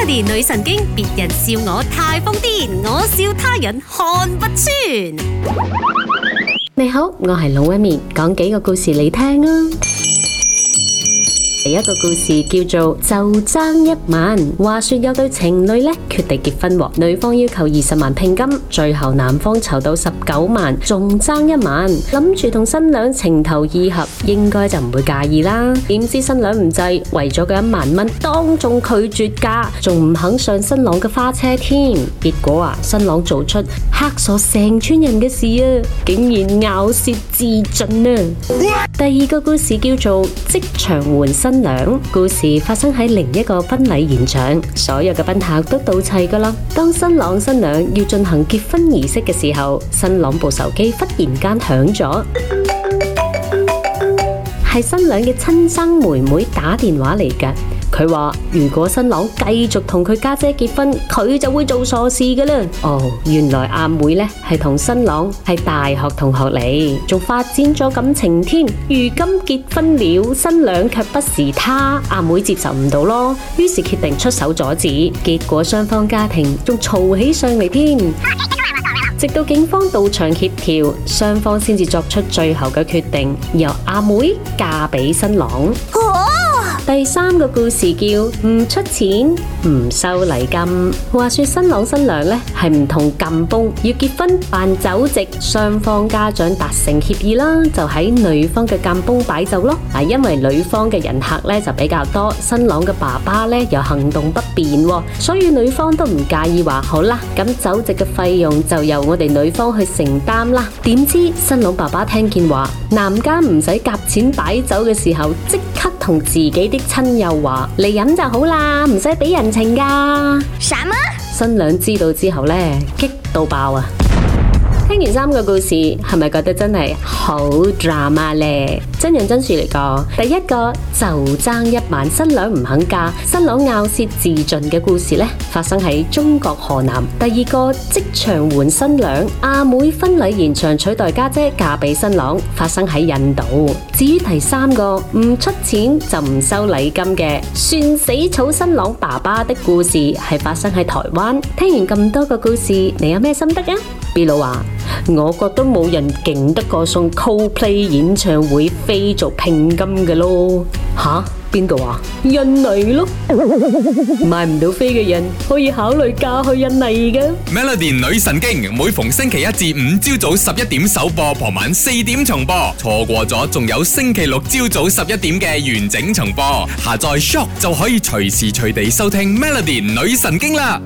我係女神經，別人笑我太瘋癲，我笑他人看不穿。你好，我係龍紋敏，講幾個故事你聽啊。第一個故事叫做「就爭一萬」。話說有對情侶呢決定結婚喎，女方要求二十萬聘金，最後男方籌到十九萬，仲爭一萬。諗住同新娘情投意合，應該就唔會介意啦。點知新娘唔制，為咗嗰一萬蚊，當眾拒絕嫁，仲唔肯上新郎嘅花車添。結果啊，新郎做出嚇傻成村人嘅事啊，竟然咬舌自盡啊！啊，第二個故事叫做「即場換新」。娘故事發生喺另一個婚禮現場，所有嘅賓客都到齊㗎喇。當新郎新娘要進行結婚儀式嘅時候，新郎部手機忽然間響咗，係 新娘嘅親生妹妹打電話嚟㗎。佢話如果新郎繼續同佢家姐結婚，佢就會做傻事嘅啦。哦，原來阿妹呢係同新郎係大學同學嚟，仲發展咗感情添。如今結婚了，新娘卻不是他，阿妹接受唔到咯，於是決定出手阻止，結果雙方家庭仲嘈起上嚟添。 直到警方到場協調，雙方先至作出最後嘅決定，由阿妹嫁俾新郎。 第三個故事叫唔出錢唔收禮金。話說新郎新娘呢係唔同甘榜，要結婚辦酒席，雙方家長達成協議啦，就喺女方嘅甘榜擺酒咯。因為女方嘅人客呢就比較多，新郎嘅爸爸呢又行動不便，所以女方都唔介意話好啦，咁酒席嘅費用就由我哋女方去承擔啦。點知新郎爸爸聽見話，男家唔使夾錢擺酒嘅時候，即刻同自己啲親友話嚟飲就好啦，唔使俾人情㗎。什麼嗎？新娘知道之後呢，激到爆啊！聽完三個故事，係咪覺得真係好 drama 呢？真人真事嚟個，第一個就爭一晚新娘唔肯嫁，新郎咬舌自盡嘅故事咧，發生喺中國河南；第二個即場換新娘，阿妹婚禮現場取代家姐嫁俾新郎，發生喺印度。至於第三個唔出錢就唔收禮金嘅，算死草新郎爸爸的故事，係發生喺台灣。聽完咁多個故事，你有咩心得啊？比如話。我覺得冇人勁得過送 Coldplay 演唱會飛做聘金嘅咯，吓，邊度啊？印尼咯， 買唔到飛嘅人可以考慮嫁去印尼嘅。Melody 女神經每逢星期一至五朝早十一點首播，傍晚四點重播，錯過咗仲有星期六朝早十一點嘅完整重播。下載 Shock 就可以隨時隨地收聽 Melody 女神經啦。